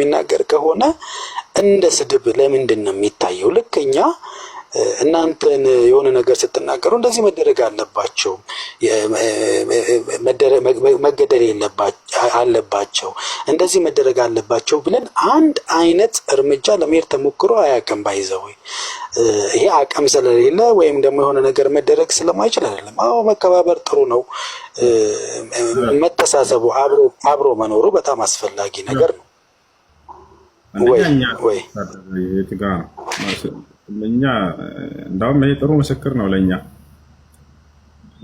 የሚናገር ከሆነ እንደ ስድብ ለምንድን ነው የሚታየው? ልክ እኛ እናንተን የሆነ ነገር ስትናገሩ እንደዚህ መደረግ አለባቸው መገደል አለባቸው እንደዚህ መደረግ አለባቸው ብለን አንድ አይነት እርምጃ ለመሄድ ተሞክሮ አያውቅም። ባይዘው ይሄ አቅም ስለሌለ ወይም ደግሞ የሆነ ነገር መደረግ ስለማይችል አይደለም። አዎ መከባበር ጥሩ ነው። መተሳሰቡ አብሮ መኖሩ በጣም አስፈላጊ ነገር ነው። እኛ እንዳውም ጥሩ ምስክር ነው ለእኛ።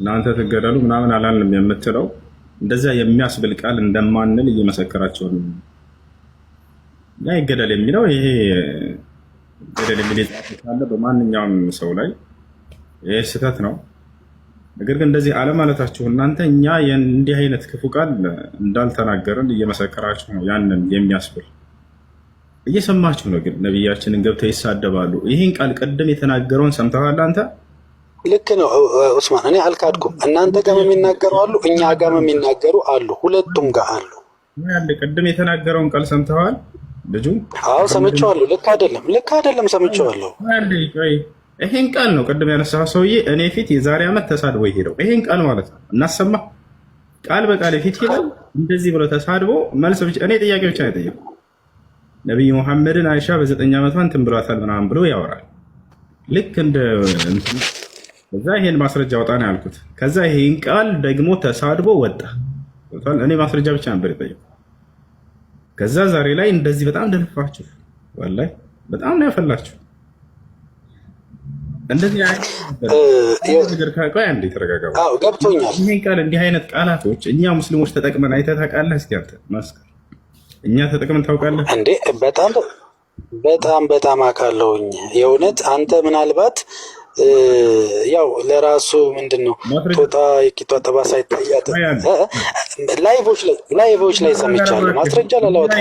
እናንተ ትገደሉ ምናምን አላልንም የምትለው እንደዚያ የሚያስብል ቃል እንደማንል እየመሰከራቸው እኛ ይገደል የሚለው ይሄ ገደል የሚል ካለ በማንኛውም ሰው ላይ ይህ ስህተት ነው። ነገር ግን እንደዚህ አለማለታችሁ እናንተ እኛ እንዲህ አይነት ክፉ ቃል እንዳልተናገርን እየመሰከራችሁ ነው ያንን የሚያስብል እየሰማችሁ ነው። ግን ነቢያችንን ገብተው ይሳደባሉ። ይህን ቃል ቅድም የተናገረውን ሰምተዋል። አንተ ልክ ነው ኡስማን፣ እኔ አልካድኩም። እናንተ ጋም የሚናገሩ አሉ፣ እኛ ጋም የሚናገሩ አሉ፣ ሁለቱም ጋር አሉ። ያለ ቅድም የተናገረውን ቃል ሰምተዋል። ልጁ አዎ ሰምቼዋለሁ። ልክ አይደለም፣ ልክ አይደለም፣ ሰምቼዋለሁ። ይሄን ቃል ነው ቅድም ያነሳ ሰውዬ እኔ ፊት የዛሬ ዓመት ተሳድቦ ይሄደው ይሄን ቃል ማለት ነው። እናሰማ ቃል በቃል ፊት ይላል እንደዚህ ብሎ ተሳድቦ መልስ ብቻ እኔ ጥያቄ ብቻ ነው የጠየቁ ነቢይ ሙሐመድን አይሻ በዘጠኝ ዓመቷ እንትን ብሏታል ምናምን ብሎ ያወራል። ልክ እንደ እዛ ይሄን ማስረጃ ወጣ ነው ያልኩት። ከዛ ይሄን ቃል ደግሞ ተሳድቦ ወጣ። እኔ ማስረጃ ብቻ ነበር የጠየቁ። ከዛ ዛሬ ላይ እንደዚህ በጣም ደነፋችሁ፣ ወላሂ በጣም ነው ያፈላችሁ። እንደዚህ ካቀ አንዴ ተረጋጋ። ይሄን ቃል እንዲህ አይነት ቃላቶች እኛ ሙስሊሞች ተጠቅመን አይተህ ታውቃለህ? እስኪ አንተ መስከር እኛ ተጠቅመን ታውቃለህ እንዴ? በጣም በጣም በጣም አካለውኝ የእውነት አንተ ምናልባት ያው ለራሱ ምንድን ነው ቶጣ የቂጧ ጠባሳ ይታያት ላይቦች ላይ ላይቮች ሰምቻለሁ። ማስረጃ ላላወጣ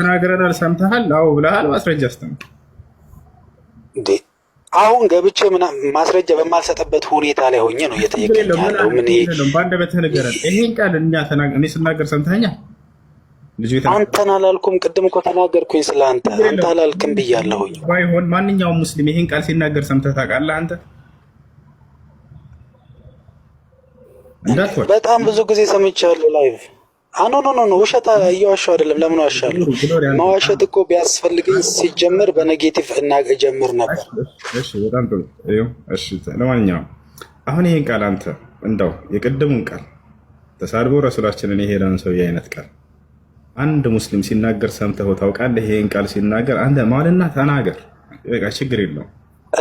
ተናግረናል። ሰምተሃል? አዎ ብለሃል። ማስረጃ አስተምር አሁን ገብቼ ምና ማስረጃ በማልሰጠበት ሁኔታ ላይ ሆኜ ነው እየጠየቀኝ ያለው። ምን በአንደበትህ ንገረን። ይሄን ቃል እኛ እኔ ስናገር ሰምተኸኛል? አንተን አላልኩም። ቅድም እኮ ተናገርኩኝ ስለ አንተ አንተ አላልክም ብያለሁኝ። ባይሆን ማንኛውም ሙስሊም ይህን ቃል ሲናገር ሰምተህ ታውቃለህ? አንተ በጣም ብዙ ጊዜ ሰምቻለሁ። ላይቭ አኖ ኖ ኖ ውሸት እየዋሸሁ አይደለም። ለምን ዋሻለሁ? መዋሸት እኮ ቢያስፈልገኝ ሲጀምር በኔጌቲቭ እና ጀምር ነበር። ለማንኛውም አሁን ይህን ቃል አንተ እንደው የቅድሙን ቃል ተሳድቦ ረሱላችንን የሄደን ሰው የአይነት ቃል አንድ ሙስሊም ሲናገር ሰምተው ታውቃለህ? ይሄን ቃል ሲናገር አንተ ማልና ተናገር፣ በቃ ችግር የለው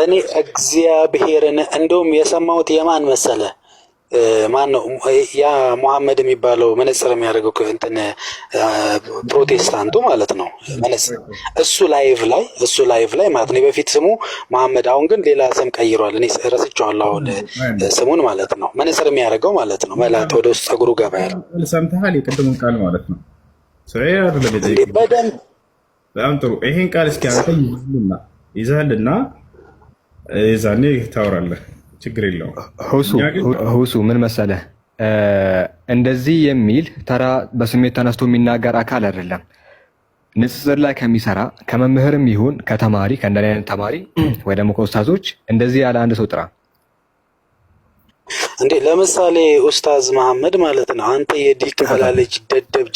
እኔ እግዚአብሔርን እንደውም የሰማሁት የማን መሰለ ማን ነው ያ ሙሐመድ የሚባለው መነጽር የሚያደርገው እንትን ፕሮቴስታንቱ ማለት ነው። እሱ ላይቭ ላይ እሱ ላይቭ ላይ ማለት ነው። በፊት ስሙ መሐመድ፣ አሁን ግን ሌላ ስም ቀይሯል። እኔ ረስቼዋለሁ አሁን ስሙን ማለት ነው። መነጽር የሚያደርገው ማለት ነው። መላት ወደ ውስጥ ጸጉሩ ገባ ያለ ሰምተሃል? የቅድሙን ቃል ማለት ነው ስራ አይደለም የጠየቀኝ። በጣም ጥሩ። ይሄን ቃል እስኪ አንተ ይዘህልና ይዘህልና የዛኔ ታወራለህ። ችግር የለውም። ሁሱ ምን መሰለህ፣ እንደዚህ የሚል ተራ በስሜት ተነስቶ የሚናገር አካል አይደለም። ንጽጽር ላይ ከሚሰራ ከመምህርም ይሁን ከተማሪ ከእንደዚህ አይነት ተማሪ ወይ ደግሞ ከኡስታዞች እንደዚህ ያለ አንድ ሰው ጥራ። እንዴ ለምሳሌ ኡስታዝ መሐመድ ማለት ነው። አንተ የዲቅ ፈላልጅ ደደብ